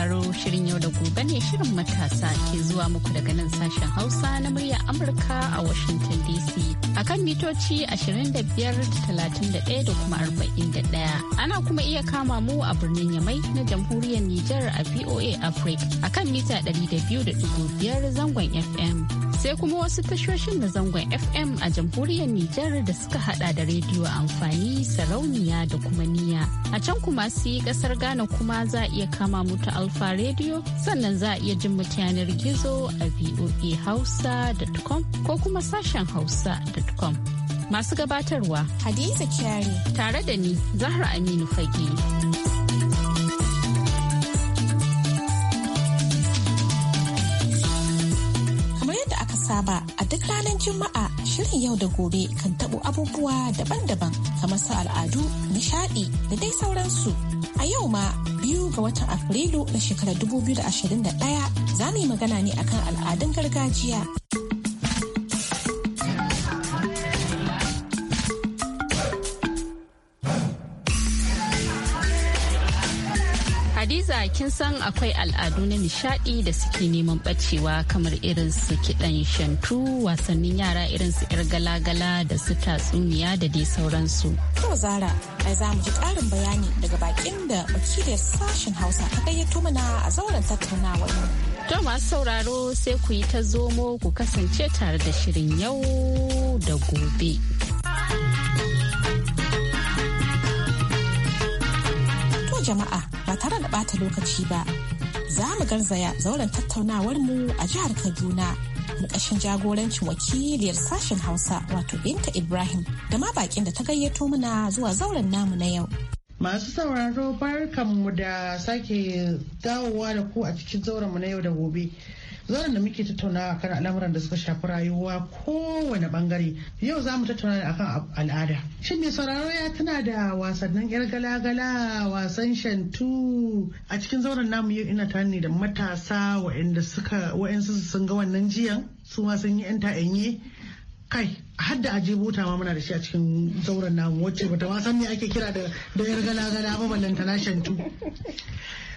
sauraro shirin yau da gobe ne shirin matasa ke zuwa muku daga nan sashen Hausa na murya Amurka a Washington DC akan mitoci 25 31 da kuma 41. Ana kuma iya kama mu a birnin Yamai na jamhuriyar Nijar a VOA Africa a kan mita 200.5 zangon FM. Sai kuma wasu tashoshin na zangon FM a jamhuriyar Nijar da suka hada da rediyo amfani sarauniya da kuma niya. A can kuma su yi kasar Ghana kuma za a iya kama mu ta Alfa rediyo sannan za a iya jin mu yanar gizo a voahausa.com ko kuma sashen hausa.com. Masu gabatarwa Hadiza Kyari tare da ni Zahra Aminu Fage. Kamar yadda aka saba a duk ranar Juma'a shirin yau da gobe kan tabo abubuwa daban-daban kamar su al'adu, nishadi da dai sauransu. A yau ma biyu ga watan Afrilu na shekarar 2021 za mu yi magana ne akan al'adun gargajiya kin san akwai al'adu na nishadi da suke neman bacewa kamar irin su kiɗan shantu wasannin yara irin su yar gala-gala da su tatsuniya da dai sauransu. To Zara, ai za mu ji ƙarin bayani daga bakin da da sashen Hausa ta gayyato mana a zauren tattaunawa. To masu sauraro sai ku yi ta zomo ku kasance tare da shirin yau da gobe. To jama'a tare da ɓata lokaci ba za mu garzaya zauren tattaunawar mu a jihar kaduna ƙarƙashin jagorancin wakiliyar sashen hausa wato binta ibrahim da ma bakin da ta gayyato muna zuwa zauren namu na yau masu sauraro barkanmu da sake dawowa da ku a cikin zauren mu na yau da gobe zauren da muke tattaunawa kan al'amuran da suka shafi rayuwa kowane bangare yau za mu tattauna akan al'ada shin mai sauraro ya tana da wasannin yar gala-gala wasan shantu a cikin zauren namu yau ina tani da matasa wa'anda suka wa'ansu sun ga wannan jiyan su ma sun yi 'yan yanye kai hadda aje bota ma muna da shi a cikin zauren namu wacce bata wasan me ake kira da da yar gala-gala ba ballanta na shantu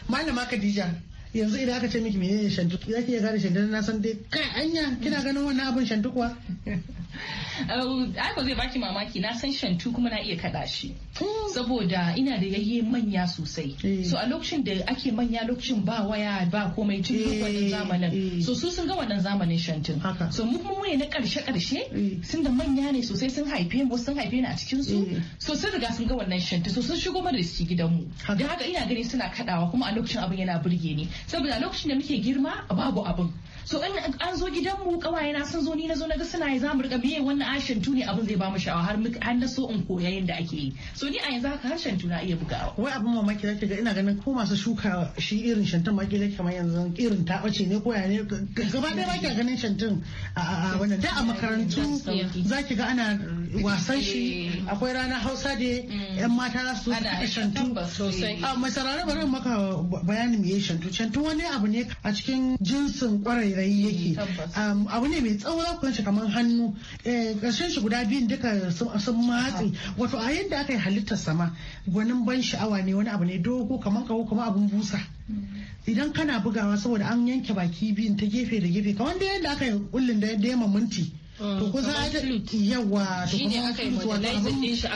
malama Khadija yanzu idan aka ce miki menene shantu za ki iya gane shantuku na san dai kai anya kina ganin wannan abin shantu Eh, ai ba zai baki mamaki na san shantu kuma na iya kada shi hmm. saboda ina da yayye manya sosai eh. so a lokacin da ake manya lokacin ba waya ba komai tun eh. wannan zamanin so su sun ga wannan zamanin shantun so mu kuma na karshe karshe sun da manya ne sosai sun haife mu sun haife ni a cikin su so sun riga sun ga wannan shantun so sun shigo mana da shi gidan mu da haka ina gani suna kadawa kuma a lokacin abin yana burge ni saboda a lokacin da muke girma babu abin so in an zo gidanmu kawaye na sun zo ni na zo na ga suna yi zamu riga biye wannan ashin tuni abin zai ba mu sha'awa har har na so in koya yanda ake yi so ni a yanzu haka har shantu na iya bugawa wai abin mamaki zaki ga ina ganin ko masu shuka shi irin shantan ma kila kamar yanzu irin ta bace ne ko ya ne gaba ɗaya ba kya ganin shantan a wannan da a makarantu zaki ga ana wasan shi akwai ranar hausa da yan mata za su kaɗa shantu a eh. ah, masarare bari maka bayanin me shantu shantu wani abu ne a cikin jinsin kwarai rairayi yake mm, abu ne mai tsawo kun shi kamar hannu eh, ƙarshen shi guda biyun duka sun matse wato a yadda aka yi halittar sama gwanin ban sha'awa ne wani abu ne dogo kamar kawo kamar abun busa mm. idan kana bugawa saboda an yanke baki biyun ta gefe da gefe kamar da yadda aka yi kullum da yamma minti Mm, to kusa yawa to kuma abun musa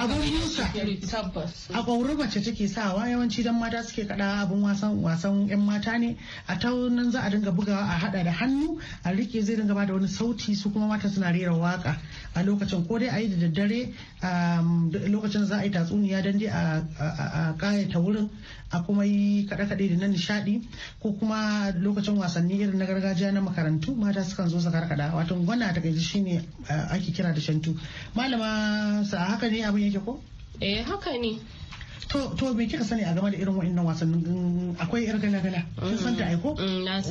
a kwauru mace take sawa yawanci dan mata suke kada abun wasan wasan yan mata ne a taunan za a dinga bugawa a hada da hannu a rike zai dinga bada wani sauti su kuma mata suna rera waka a lokacin ko dai a yi da daddare Um, lokacin za a yi tatsuniya don dai a kayata wurin a kuma yi kaɗe-kaɗe da na nishaɗi ko kuma lokacin wasanni irin na gargajiya na makarantu mata sukan zo su karkada wato wannan a gaji shine ake kira da shantu malama sa haka ne abin yake ko eh haka ne to me kika sani a game da irin wa'annan wasannin akwai yar gala gala kin san ta aiko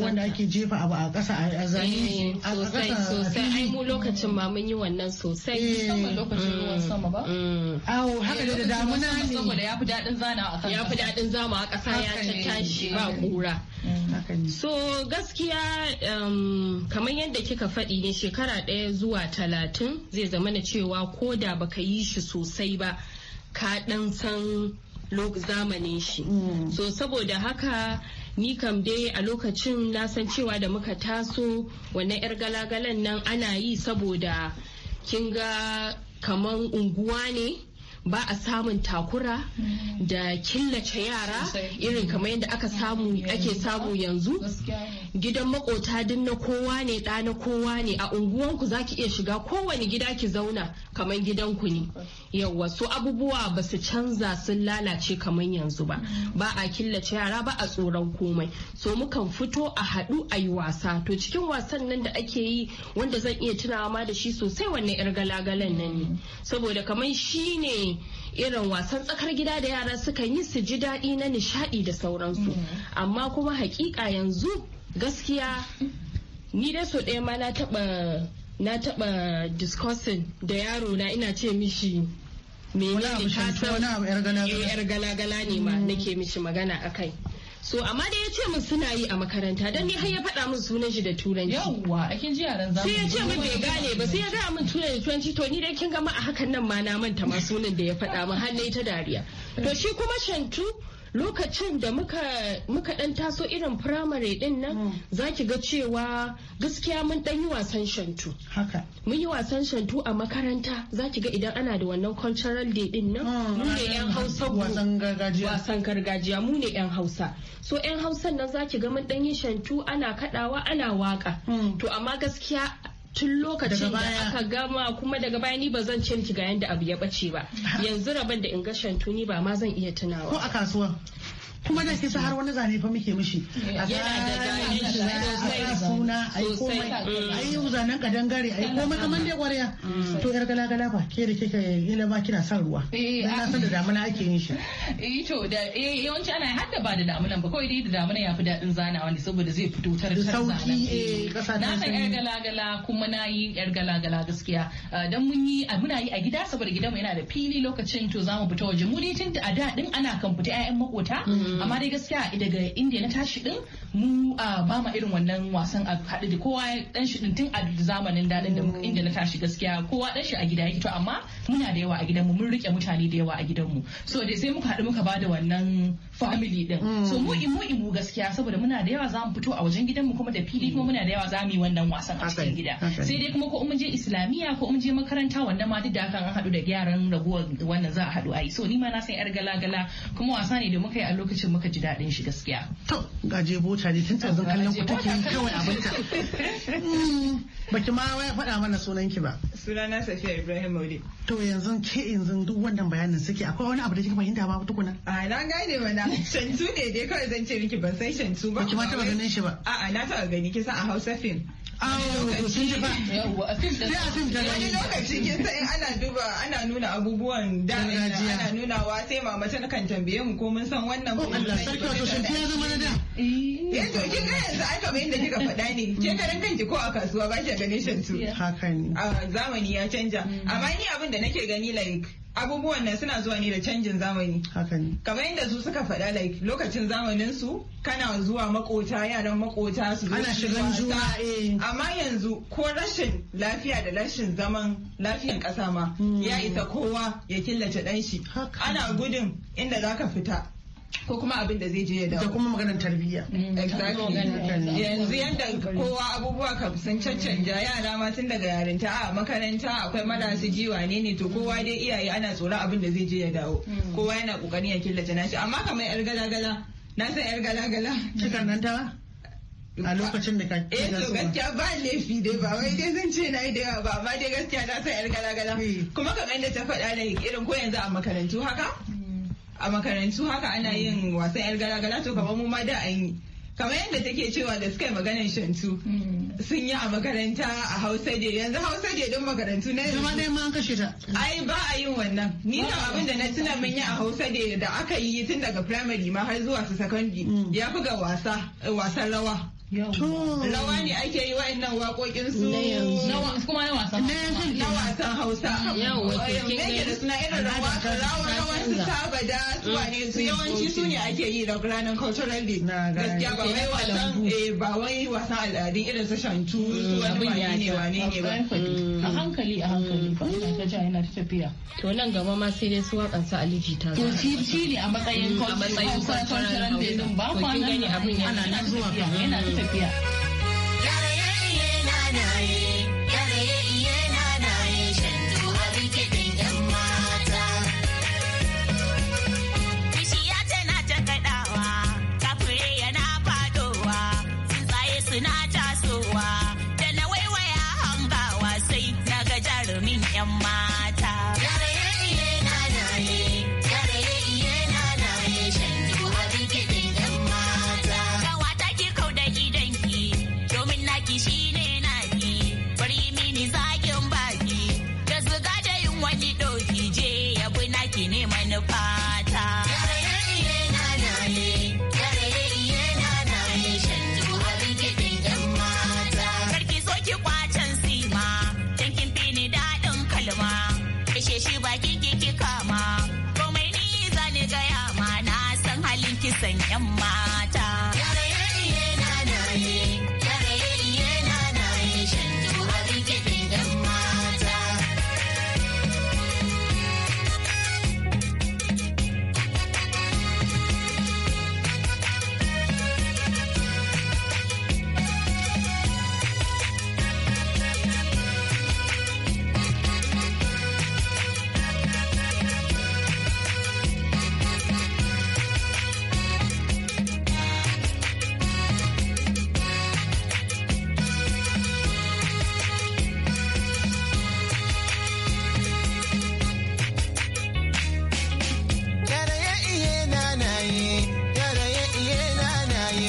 wanda ake jefa abu a ƙasa a eh, zani a ƙasa sosai ai mu lokacin ma mun yi wannan sosai eh. musamman lokacin ruwan sama ba mm. awo haka da eh, damuna ne saboda ya fi daɗin zana a kasa ya fi daɗin zama a ƙasa ya shi ba kura. Mm, so gaskiya um, kamar yadda kika faɗi ne shekara ɗaya zuwa talatin zai zama na cewa ko da baka yi shi sosai ba ka ɗan san zamanin shi mm. so saboda haka ni kam dai a lokacin na san cewa da muka taso wannan 'yar galagalan nan ana yi saboda kin ga kaman unguwa ne ba a samun takura mm. da killace yara irin kamar yadda aka samu ake samu yanzu gidan makota din na kowa ne da na kowa ne a unguwanku zaki iya shiga kowani gida ki zauna kamar gidanku ne yawa su abubuwa ba su canza sun lalace kamar yanzu ba mm. ba a killace yara ba a tsoron komai so mukan fito a haɗu a yi wasa to cikin wasan nan da ake yi wanda zan iya tunawa ma da shi sosai wannan yar galagalan nan ne saboda kamar shi ne irin wasan tsakar gida da yara sukan yi su ji daɗi na nishaɗi da sauransu mm. amma kuma hakika yanzu gaskiya ni dai so ɗaya ma na taɓa na taɓa discussing da yaro na ina ce mishi ne ka san yar galagala ne ma nake mishi magana akai so amma da ya ce min suna yi a makaranta dan ni har ya faɗa min sunan shi da turanci yawwa kin ji yaran zamu sai ya ce min bai gane ba sai ya ga min turanci turanci to ni dai kin ga ma a hakan nan ma na manta ma sunan da ya faɗa min har nayi ta dariya to shi kuma shantu lokacin da muka muka dan taso irin firamare din nan hmm. za ki ga cewa gaskiya mun dan yi wasan shantu mun yi wasan shantu a makaranta za ki ga idan ana da wannan cultural day din nan hmm, mu ne yan hausa wasan gargajiya wasan gargajiya mu ne yan hausa so yan hausan nan za ki ga mun dan yi shantu ana kadawa ana waka hmm. to amma gaskiya tun lokacin da aka gama kuma daga baya ni ba zan ce miki ga yanda abu ya bace ba yanzu rabon da in ga shantu ba ma zan iya tunawa ko a kasuwa kuma da ke har wani zane fa muke mishi a sa suna a yi komai mm. a yi zanen ka dangare a yi komai mm. kamar dai kwarya mm. to yar galagala ba ke da kika yi ma kina son ruwa eh, na ah. san da damuna ake yin shi eh to da eh, yawanci ana har da ba da damunan ba kawai dai da damuna ya fi daɗin zana wanda saboda zai fito tar sauki kasa na san yar galagala kuma na yi yar galagala gaskiya ah, dan mun yi ah, muna yi a gida saboda gidanmu yana da fili lokacin to zamu fita waje mu dai tun a da din ana kan fita ƴaƴan makota Mm. amma dai gaskiya daga inda na tashi din mu ba ma irin wannan wasan a haɗu da kowa dan shi din tun a zamanin daɗin da inda na tashi gaskiya kowa dan shi a gida yake to amma muna da yawa a gidanmu mun rike mutane da yawa a gidanmu so dai sai muka haɗu muka bada wannan family din so mu imu imu gaskiya saboda muna da yawa zamu fito a wajen gidanmu kuma da fili kuma muna da yawa zamu yi wannan wasan a cikin gida sai dai kuma ko mun je islamiya ko mun je makaranta wannan ma duk da hakan an haɗu da yaran raguwar wannan za a haɗu a yi so ni ma na san yar galagala kuma wasa ne da muka yi a lokacin muka ji daɗin shi gaskiya. To gaje bota ne tun tsazan kallon ku take kawai abinta. Baki ma wai faɗa mana sunan ki ba. Sunana Safiya Ibrahim Maulid. To yanzu ke yanzu duk wannan bayanin suke akwai wani abu da kika fahimta ba tukuna. A na gane wani shantu ne dai kawai zan ce miki ban san shantu ba. Kuma taba ganin shi ba. A'a na taba gani kisan a Hausa film. wani lokaci kin san ana nuna abubuwan da ana nuna wa sai mama ta kan tambaye mu ko mun san wannan oh, ko Allah sarki wato shin ya zama na da eh kin ga yanzu ai kamar yadda kika faɗa ne ke karan kanki ko a kasuwa ba ki ganin shantu haka ne zamani ya canja mm. amma ni abin da nake gani like abubuwan nan suna zuwa ne da canjin zamani kamar yadda su suka faɗa like lokacin zamanin su kana zuwa makota yaran makota su ana shigan juna eh. amma yanzu ko rashin lafiya da rashin zaman lafiyan kasa ma ya hmm. isa kowa ya killace dan shi ana gudun inda zaka fita ko kuma abin da zai je ya dawo da kuma maganar tarbiyya mm, yanzu yanda kowa abubuwa kam sun caccanja yara ma tun daga yarinta a makaranta akwai madasu ji ne ne to kowa dai iyaye ana tsoron abin da zai je ya dawo mm. kowa yana kokarin ya killace nashi amma kamar yar gala-gala na san yar gala-gala kikan nan ta a lokacin da ka eh to gaskiya ba laifi dai ba wai dai zan ce na yi da yawa ba amma dai gaskiya na san yar gala-gala mm. kuma kamar yadda ta faɗa da irin ko yanzu a makarantu haka a makarantu haka ana yin mm. wasan yar gara gara to kamar mu ma da an yi kamar yadda take cewa da suka yi maganar shantu mm. sun yi a makaranta a hausa dai yanzu hausa dai din makarantu na yanzu zama ma kashe ta ai ba a yin wannan ni kan abin da na tuna mun yi a hausa dai da aka yi tun daga primary ma har zuwa su secondary mm. ya buga wasa wasan rawa rawa ne ake yi wa'annan waƙoƙin su kuma na wasan na wasan hausa yake da suna irin rawa rawa su su wane su yawanci su ne ake yi da ranar cultural day gaskiya ba wai wasan eh, ba wai wasan al'adun irin su shantu su mm, wani ne wane ne ba a hankali a hankali ba ka mm. ji yana ta tafiya to nan gaba ma sai dai su wakan sa aliji ta to shi ne a matsayin mm, cultural day din ba kwanan abin yana nan zuwa yana 随便。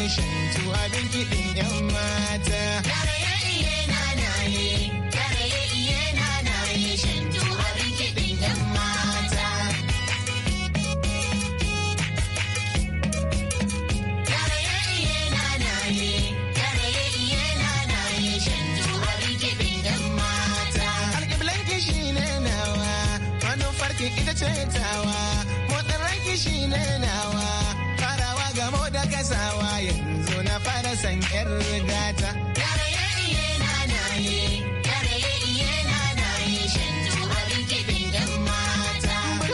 nation to abin san yar gata.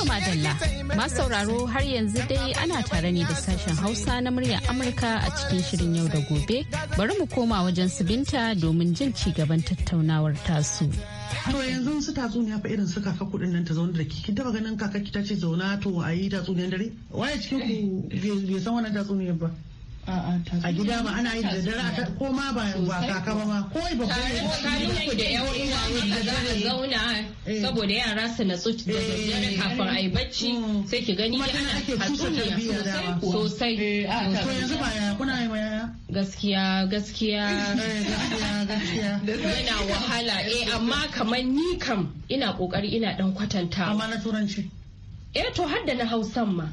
ma masu sauraro har yanzu dai ana tare ne da sashen Hausa na muryar Amurka a cikin shirin yau da gobe bari mu koma wajen su binta domin jin ci gaban tattaunawar tasu. to yanzu su tatsuniya fa irin su kaka kudin nan ta zaune da ke kin taba ganin kaka ki ta ce zauna to a yi ne dare waye cikin ku bai san wannan ne ba a gida ma ana yin da dare ko ma ba ba kaka ba ma ko ba ko ku da yan uwa wanda za a zauna eh. saboda yara su natsu da eh. dare kafin yi bacci mm. sai ki gani ana tatsuniya eh, sosai to yanzu ba ya kuna yi yaya gaskiya gaskiya yana wahala eh amma kamar ni kam ina kokari ina dan kwatanta amma na turanci eh to har da na hausan ma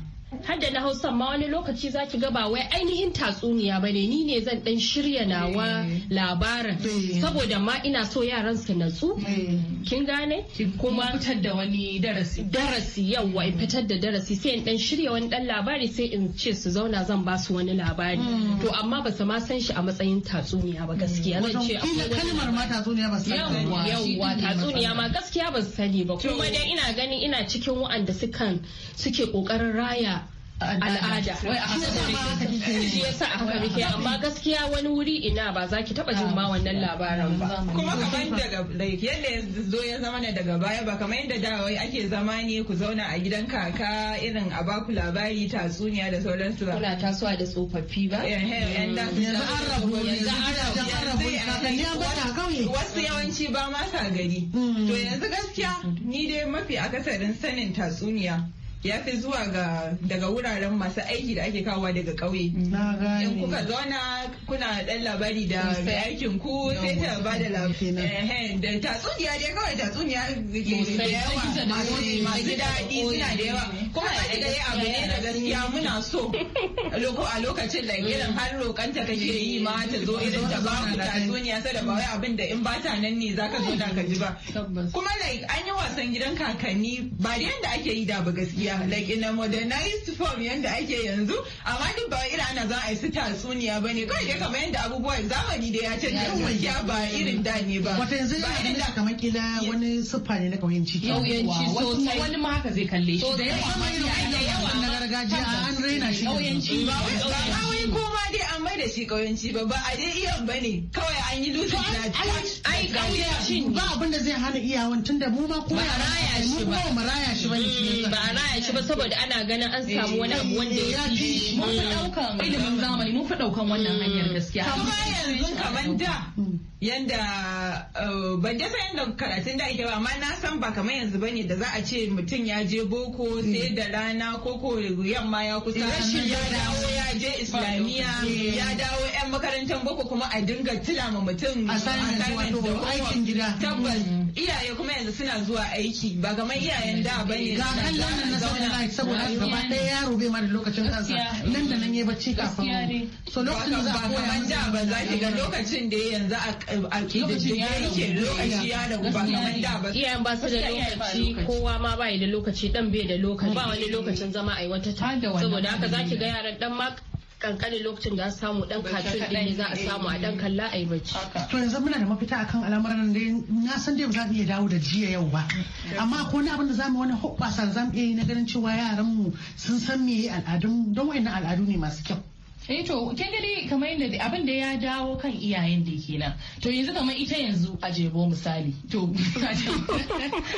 hadda na hausa ma wani lokaci za ki gaba wai ainihin tatsuniya ba ne ni ne zan dan shirya nawa eh. labarin eh. saboda ma ina so yaran su natsu eh. kin gane kuma fitar da wani darasi darasi yawa in fitar da darasi sai in dan shirya wani dan labari sai in ce su zauna zan ba su wani labari hmm. to amma ba su ma san shi a matsayin tatsuniya ba gaskiya zan ce kalmar ma tatsuniya ba su sani yawa tatsuniya ma gaskiya ba su sani ba kuma dai ina ganin ina cikin wa'anda sukan suke kokarin raya al'ada shi yasa aka rike? amma gaskiya wani wuri ina ba za ki taba jin ma wannan labarin ba kuma kamar daga yadda ya zo ya zama ne daga baya ba kamar yadda da wai ake zama ne ku zauna a gidan kaka irin a baku labari tatsuniya da sauransu ba kuna tasowa da tsofaffi ba eh, eh, yanzu wasu yawanci ba ma sa gari hmm. to yanzu gaskiya ni dai mafi akasarin sanin tatsuniya ya fi zuwa ga daga wuraren masu aiki da ake kawo daga ƙauye. In kuka zauna kuna ɗan labari da aikin ku sai ta ba eh, eh, da tatsuniya dai kawai tatsuniya da yawa masu daɗi suna da yawa. Kuma a daga dai abu ne da gaskiya muna so. A lokacin da mm. irin har roƙanta kake yi ma ta zo mm. irin ta ba ku tatsuniya sai da ba abin da in ba ta nan ne za ka zo na ka ji ba. Kuma an yi wasan gidan kakanni ba da yadda ake yi da ba gaskiya. gaskiya like in a modernized form yanda ake yanzu amma duk ba irin ana za a yi su tatsuniya ba ne kawai dai kamar yanda abubuwa zamani da ya canja gaskiya ba irin da ne ba wata yanzu ba irin da kamar kila wani siffa ne na kauyanci kauyanci sosai wani ma haka zai kalle shi da yawa na gargajiya an raina shi kauyanci ba wai shi kuma dai an mai da shi kauyanci ba ba a dai iyon ba ne kawai an yi dutse na a yi ba abin da zai hana iyawan tunda mu ma ko ba raya shi ba mu raya shi ba mm, ba a raya shi ba saboda ana ganin an samu wani abu wanda eh, ya fi mun fi daukan mm. ilimin zamani mun fi daukan wannan mm. hanyar gaskiya amma yanzu kaman da yanda uh, ban dai san yanda karatun da ake ba amma na san ba kamar yanzu bane da za a ce mutum ya je boko sai da rana ko ko yamma ya kusa ya dawo ya je islamiyya islamiyya ya dawo yan makarantar boko kuma a dinga ma mutum a aikin gida tabbas mm. iyaye kuma yanzu suna zuwa aiki ba kamar iyayen da ne ga kallon nan na saboda saboda gaba ɗaya yaro bai ma da lokacin kansa nan da nan ya bacci kafin so lokacin da ba koya da ba za ki ga lokacin da yanzu a kididdige yake lokaci ya da ba kamar da ba iyayen ba su da lokaci kowa ma ya da lokaci dan bai da lokaci ba wani lokacin zama a yi wata saboda haka za ki ga yaran dan ma kankanin lokacin da samu dan katun din za a samu a dan kalla a yi bacci. To yanzu muna da mafita akan al'amuran nan dai na san dai ba za mu iya dawo da jiya yau ba. Amma ko na abin da zamu wani hoɓɓasa zamu iya yi na ganin cewa yaran mu sun san me al'adun don wayannan al'adu ne masu kyau. eh to kin gani kamar yadda abin da ya dawo kan iyayen da kenan to yanzu kamar ita yanzu a jebo misali to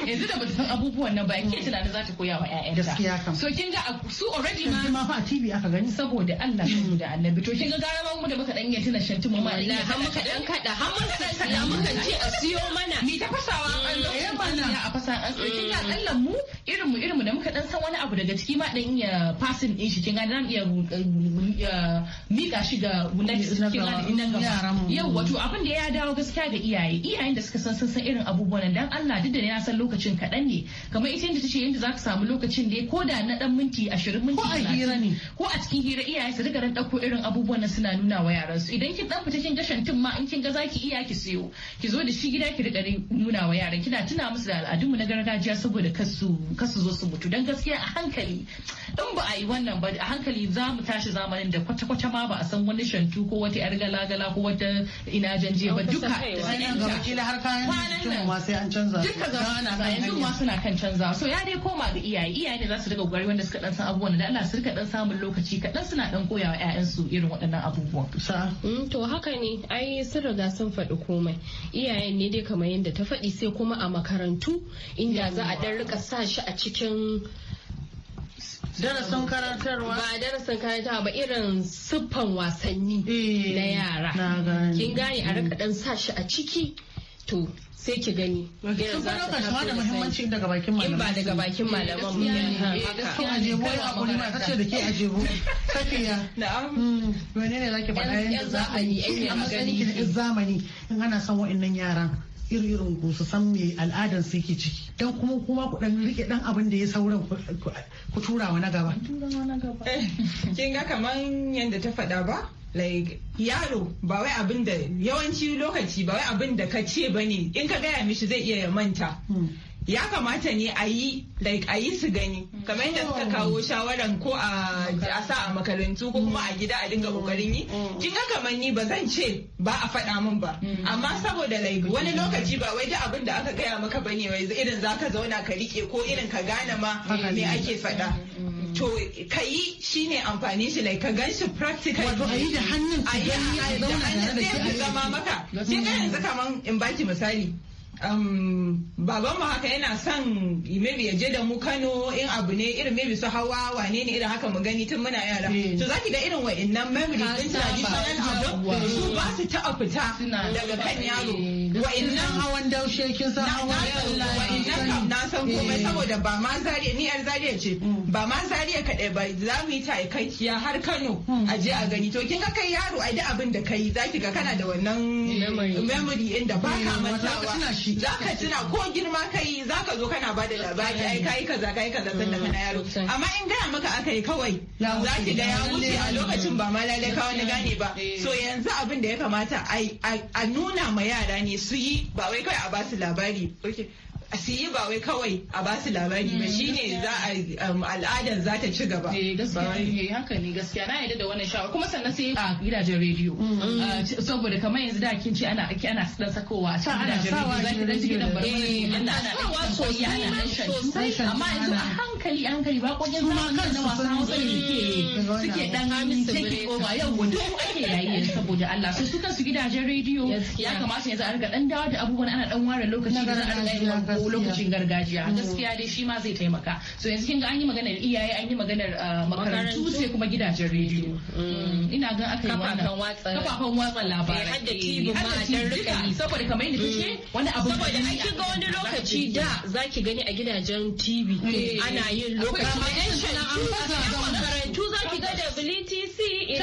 yanzu da bata san abubuwan nan ba ke tunanin za ta koya wa ƴaƴanta gaskiya kam so kin ga su already ma ma fa a TV aka gani saboda Allah da Annabi to kin ga gara mu da muka dan tuna shantu mu ma Allah har muka dan kada har muka dan kada muka ce a siyo mana ni ta fasawa an lokacin mana a fasa an kin ga Allah mu irin mu irin mu da muka dan san wani abu daga ciki ma dan iya passing din shi kin ga dan iya mika shi ga gaba yau wato abin da ya dawo gaskiya ga iyaye iyayen da suka san sun san irin abubuwan nan. dan Allah duk da na san lokacin kaɗan ne kamar ita yadda tace yadda zaka samu lokacin da ko da na dan minti 20 minti ko a hira ne ko a cikin hira iyaye su riga ran dauko irin abubuwan nan suna nuna wa yaran su idan kin dan fita kin gashan tun ma in kin ga zaki iya ki siyo ki zo da shi gida ki riga nuna wa yaran kina tuna musu da al'adunmu na gargajiya saboda kasu kasu zo su mutu dan gaskiya a hankali in ba a yi wannan ba a hankali za mu tashi zamanin da kwata ta kwata ma ba a san wani shantu ko wata yar gala-gala ko wata ina janje ba duka duka gaba na yanzu ma suna kan canza so ya dai koma ga iyaye iyaye ne za su daga gwari wanda suka dan san abubuwan da Allah su rika dan samun lokaci kaɗan suna dan koyawa su irin waɗannan abubuwan. Mm, to haka ne ai sun riga sun faɗi komai iyayen ne dai kamar yadda ta faɗi sai kuma a makarantu inda za a dan rika sa shi a cikin darasin karantarwa ba darasin karantarwa ba irin siffan wasanni eh, na yara kin gane a rika dan sa shi a ciki to sai ki gani. Sun za kan shawar da muhimmanci daga bakin malaman. In ba daga bakin malaman mu ne. Eh, a ajebo ya abu ma ta ce da ke ajebo. Safiya. Na'am. Wane hmm. ne zaki faɗa yadda za a yi eh, a matsayin zamani in ana son wa'annan yaran. irin ku su san me al'adar su yake ciki dan kuma kuma ku dan rike dan abin da ya sauran ku tura wa na gaba eh, kin ga kaman yanda ta faɗa ba like yaro ba wai abin da yawanci lokaci ba wai abin da ka ce bane in ka gaya mishi zai iya ya manta hmm. ya kamata ne a yi like a yi su gani kamar yadda suka kawo shawaran ko a sa a makarantu ko kuma a gida a dinga kokarin yi kin ga kamar ni ba zan ce ba a faɗa min ba amma saboda like wani lokaci ba wai da abin da aka gaya maka bane wai irin zaka zauna ka rike ko irin ka gane ma me ake faɗa to ka yi shi amfani shi like ka gan shi practical wato a yi da hannun su gani a zauna da da zama maka shi ka yanzu kaman in baki misali um, babanmu haka yana son maybe ya je da mu Kano in abu ne irin maybe su hawa wane ne irin haka mu gani tun muna yara eh. to zaki ga irin wa'annan memory din traditional abu su ba su taɓa fita daga kan yaro eh. wa'annan hawan daushe kin san na san komai eh. saboda ba ma zariya ni yar zariya ce mm. ba ma zariya kaɗai ba za mu yi ta aikakkiya har Kano mm. a je a gani to kin ga kai yaro a da abin da kai zaki ga kana da wannan memory da ba ka mm, mantawa ka tuna ko girma kai zaka zo kana bada labari ai kai kaza kai kaza san da kana yaro amma in gaya maka aka yi kawai zaki ga ya wuce a lokacin ba ma ka wani gane ba eh. so yanzu abin da ya kamata a nuna ma yara ne su yi ba wai kai a ba su labari okay su yi ba wai kawai a ba su labari ba mm, ne za a um, al'adar za ta ci gaba eh, gaskiya haka ne eh, gaskiya na yadda da wannan shawar kuma sannan sai a gidajen rediyo mm. ah, saboda kamar yanzu da kin ce ana ake ana dan sakowa a cikin gidajen rediyo za ki dan cikin dan barbarin ana sawa sosai ana sosai amma yanzu a hankali hankali ba kokin zamanin na wasa hausa ne suke suke dan take over yau wanda ake yayi saboda Allah su su kansu gidajen rediyo ya kamata yanzu a riga dan dawo da abubuwan ana dan ware lokaci da ana ko lokacin gargajiya mm. gaskiya dai shi ma zai taimaka so yanzu kin ga an yi maganar iyaye an yi maganar uh, makarantu sai kuma gidajen rediyo mm. Mm. ina gan aka yi wannan kafafan watsa labarai eh, har da tv eh, ma a dan rika saboda kamar yadda kace wani abu saboda an kin ga wani lokaci eh. da zaki gani a gidajen tv ana yin lokaci makarantu zaki ga WTC zaune yi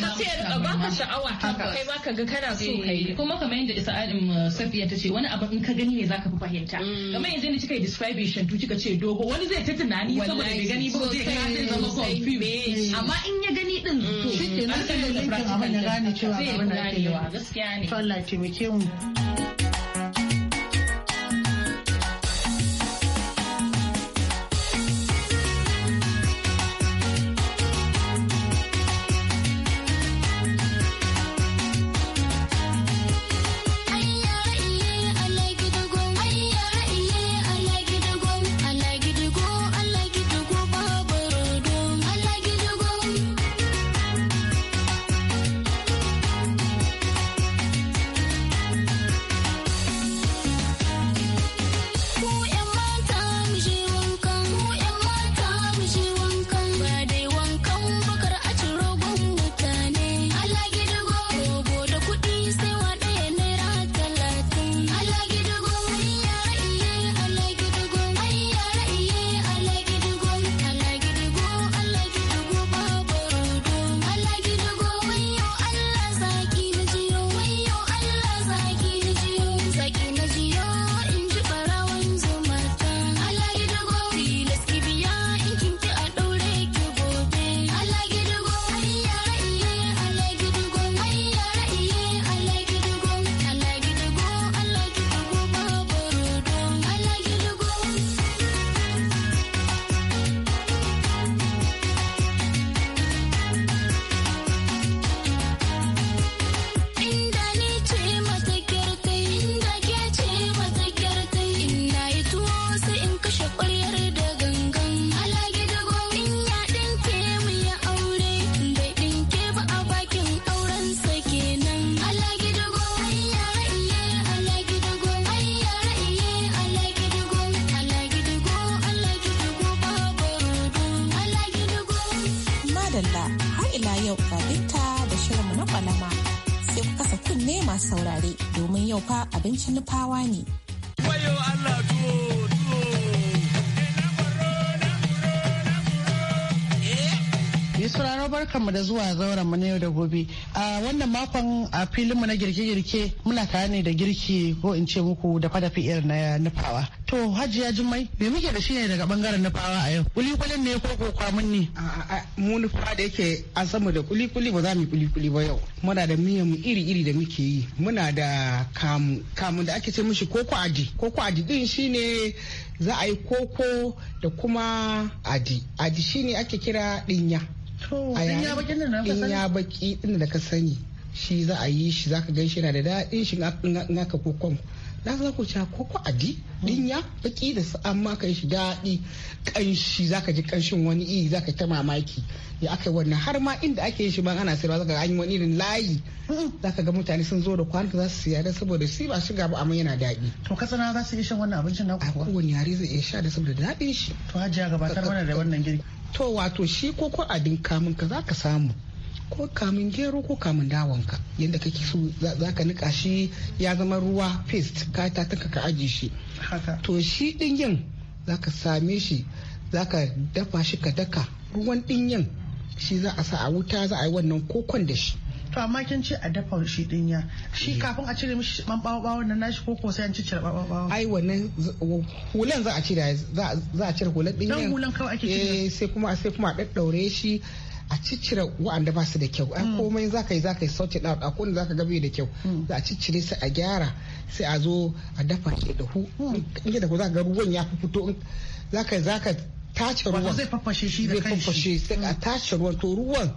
ba sai baka sha'awa ba ga kana so kai kuma kamar yadda isa alim safiya ta ce wani abu in ka gani ne zaka fi fahimta kamar yanzu ne kika yi describe shantu kika ce dogo wani zai ta tunani saboda bai gani ba zai ga zai zama confused amma in ya gani din to shi ke nan sai da practical zai gane cewa gaskiya ne to Allah ke mu barkanmu da zuwa zauren mu na yau da gobe. A wannan makon a filin mu na girke-girke muna tare ne da girki ko in ce muku da fadafi irin na nufawa. To Hajiya Jummai me muke da shi ne daga bangaren nufawa a yau? Kulikulin ne ko ko kwamin ne? Mu nufa da yake an samu da kulikuli ba za mu yi kulikuli ba yau. Muna da miyan mu iri-iri da muke yi. Muna da kamu kamu da ake ce mishi koko aji Koko aji din shi ne za a yi koko da kuma adi adi shine ake kira dinya in ya baki in ya baki da ka sani shi za a yi shi zaka gan shi yana da daɗin shi in aka kokon da za ku ci koko adi dinya baki da su amma kai shi daɗi kanshi zaka ji kanshin wani iri zaka ta mamaki ya aka wannan har ma inda ake yin shi ban ana sayarwa zaka an yi wani irin layi zaka ga mutane sun zo da kwanta za su siya da saboda shi ba shiga ba amma yana dadi to katsina za su yi shan wannan abincin na kuwa wani yare zai iya sha da saboda daɗin shi to hajiya gabatar mana da wannan girki to wato shi koko adin kamun ka zaka samu ko kamun gero ko kamun dawanka yadda kake so za ka nika shi ya zama ruwa paste ka ta ka aji shi to shi dinyin za ka same shi za ka dafa shi ka daka ruwan dinyin shi za a sa a wuta za a yi wannan kokon da shi to amma kin ce a dafa shi dinya shi eh. kafin a cire mishi man bawo nan nashi ko sai an cire cire bawo ai wannan hulan za a cire za a cire hulan dinya dan hulan kawai ake cire eh sai kuma sai kuma a daddaure shi a ciccire wa'anda ba su da kyau a mm. komai ka yi ka yi sauce da a akwai za ga bai da kyau mm. za a ciccire sai a gyara sai a zo a dafa ke da hu mm. in da ku ka ga ruwan ya fito Za ka za ka tace ruwan zai fafashe shi da kanshi shi. sai a tace ruwan to ruwan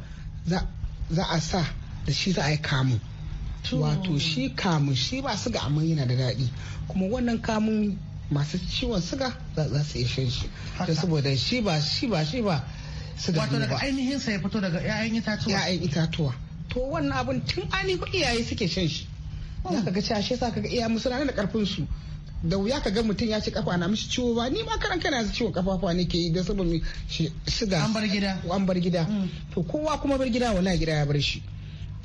za a sa da shi za a yi kamu. wato shi kamun shi ba suga amma yana da daɗi kuma wannan kamun masu ciwon suga za su yi shan shi saboda shi ba shi ba shi ba siga wato daga ainihin sa ya fito daga 'ya'yan itatuwa ya'yan itatuwa to wannan abun tun ko iyaye suke shan shi oh. ka ga cashe sa kaga iya musu da karfin su da wuya ka ga mutum ya ci kafa na mishi ciwo ba ni ma karan kana ciwo kafafuwa ke yi don saboda shiga an bar gida an bar gida mm. to kowa kuma bar gida wala gida ya bar shi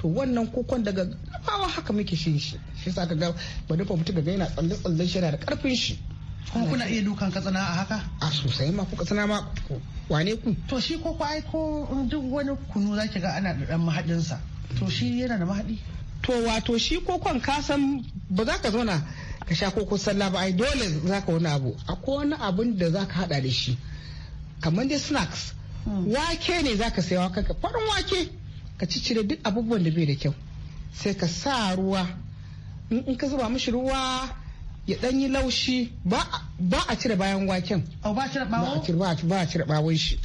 to wannan kokon daga kafawa haka muke shi shi shi sa ka ga ba nufa mutum ga yana tsalle tsalle shi da karfin shi kuma kuna iya dukan katsina a haka a sosai ma ku katsina ma wane ku to shi ko ku aiko duk wani kunu zaki ga ana da dan mahadin sa to shi yana da mahadi to wato shi kokon ka san ba za ka zauna ka sha koko sallah ba ai dole za ka wani abu akwai wani abun da za ka hada da shi kamar dai snacks hmm. wake ne za ka sayawa kanka farin wake ka ciccire duk abubuwan da bai da kyau sai ka sa ruwa in ka zuba mishi ruwa ya dan yi laushi ba a cire bayan waken oh, ba a cire bawon shi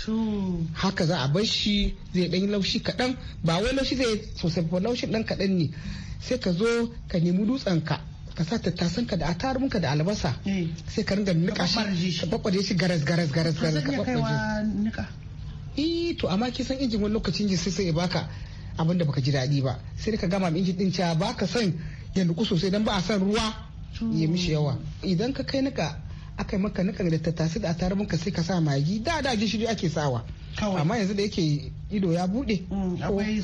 haka za a bar shi zai dan yi laushi kaɗan ba wai laushi zai sosai ba laushi dan kaɗan ne sai ka zo ka nemi dutsen ka ka sa tattasan ka da atarumin ka da albasa eh. sai ka ringa nika shi ka babbaje shi garas garas garas garas ka babbaje eh to amma san injin wani lokacin ji sai sai baka abinda baka ji daɗi ba sai ka gama injin din cewa baka son ya nuku sosai dan ba a son ruwa ya mishi yawa idan ka kai nika aka yi maka nika da tattasai da a sai ka sa magi da da gishiri ake sawa amma yanzu da yake ido ya bude mm, akwai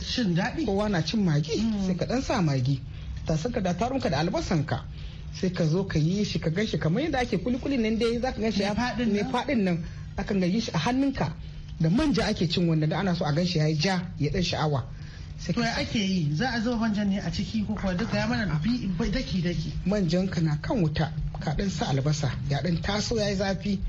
kowa na cin magi mm. sai ka dan sa magi tasanka da tarunka da albasanka sai ka zo ka yi shi ka gan shi kamar yadda ake kulikuli nan dai za ka gan shi ne faɗin nan akan ga yi shi a hannunka da manja ake cin wanda da ana so a gan shi ya ja ya dan sha'awa to ake yi za a zuba manjan ne a ciki ko kuwa duka ya mana daki daki manjan ka na kan wuta ka ɗan sa albasa ya ɗan taso yi zafi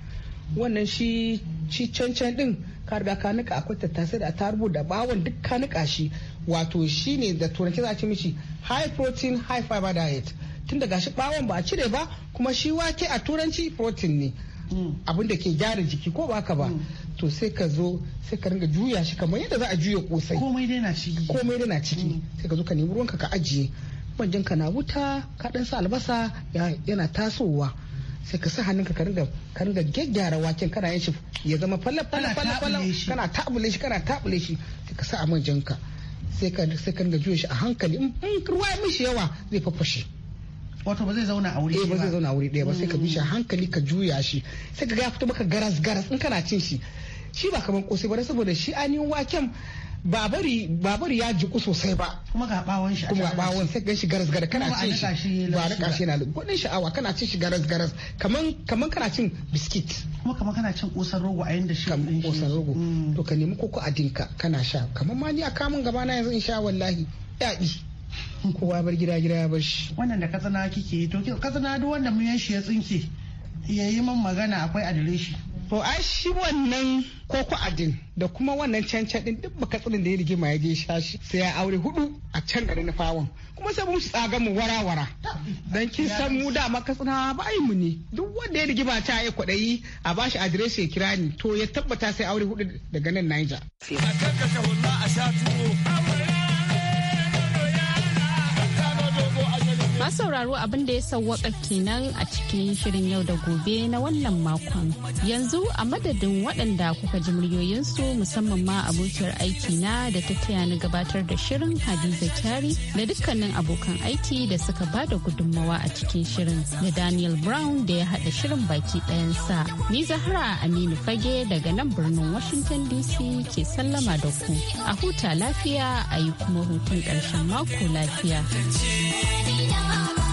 wannan shi shi cancan ɗin ka riga ka nika akwai tattasai da ta rubuta bawon duk ka nika shi wato shi ne da turanci za a ci mishi high protein high fiber diet tun daga shi bawon ba a cire ba kuma shi wake a turanci protein ne mm. abin da ke gyara jiki ko baka ba to sai ka zo sai ka ringa juya shi kamar yadda za a juya kosai komai dai na ciki komai dai na ciki mm. sai ka zo ka nemi ruwanka ka ajiye manjan ka na wuta ka dan sa albasa yana tasowa sai ka sa hannunka ka ringa ka ringa gyaggyara waken kana yin shi ya zama fallaf fallaf fallaf kana tabule shi kana tabule shi sai ka sa a manjan ka sai ka sai ka ringa juya shi a hankali in ruwa ya mishi yawa zai fafashe wato ba zai zauna a wuri ɗaya eh, ba zai zauna a wuri ɗaya ba sai ka bi shi mm. hankali ka juya shi sai ka ga ya fito maka garas garas in kana cin shi shi ba kamar kosai ba saboda shi ainihin waken babari babari ya jiku sosai ba kuma ga bawon shi kuma bawon sai gan shi garas garas kana cin shi ba da kashi na gudun sha'awa kana cin shi garas garas kaman kaman kana cin biskit kuma kaman kana cin kosan rogo a yanda shi kaman kosan rogo mm. to ka nemi koko a dinka kana sha kaman ma ni a kamun gaba na yanzu insha wallahi yaɗi kowa bar gida gida ya bashi. wannan da katsina kike yi to katsina duk wanda mu yanshi ya tsinke ya yi min magana akwai adireshi to ai shi wannan koko adin da kuma wannan cancan din duk baka tsirin da ya rigima ya je shi sai ya aure hudu a can na fawon kuma sai mun tsaga mu wara wara dan kin san mu da maka tsina ba mu ne duk wanda ya rigima ta ya kwadayi a bashi adireshi ya kira ni to ya tabbata sai aure hudu daga nan Niger a Ma sauraro abin da ya sauwaka kenan a cikin shirin yau da gobe na wannan makon. Yanzu a madadin waɗanda kuka ji muryoyinsu musamman ma abokiyar aiki na da ta taya ni gabatar da shirin Hadiza Kyari da dukkanin abokan aiki da suka ba da gudunmawa a cikin shirin da Daniel Brown da ya haɗa shirin baki ɗayansa. Ni Zahra Aminu Fage daga nan birnin Washington DC ke sallama da ku. A huta lafiya a yi kuma hutun ƙarshen mako lafiya. Bye.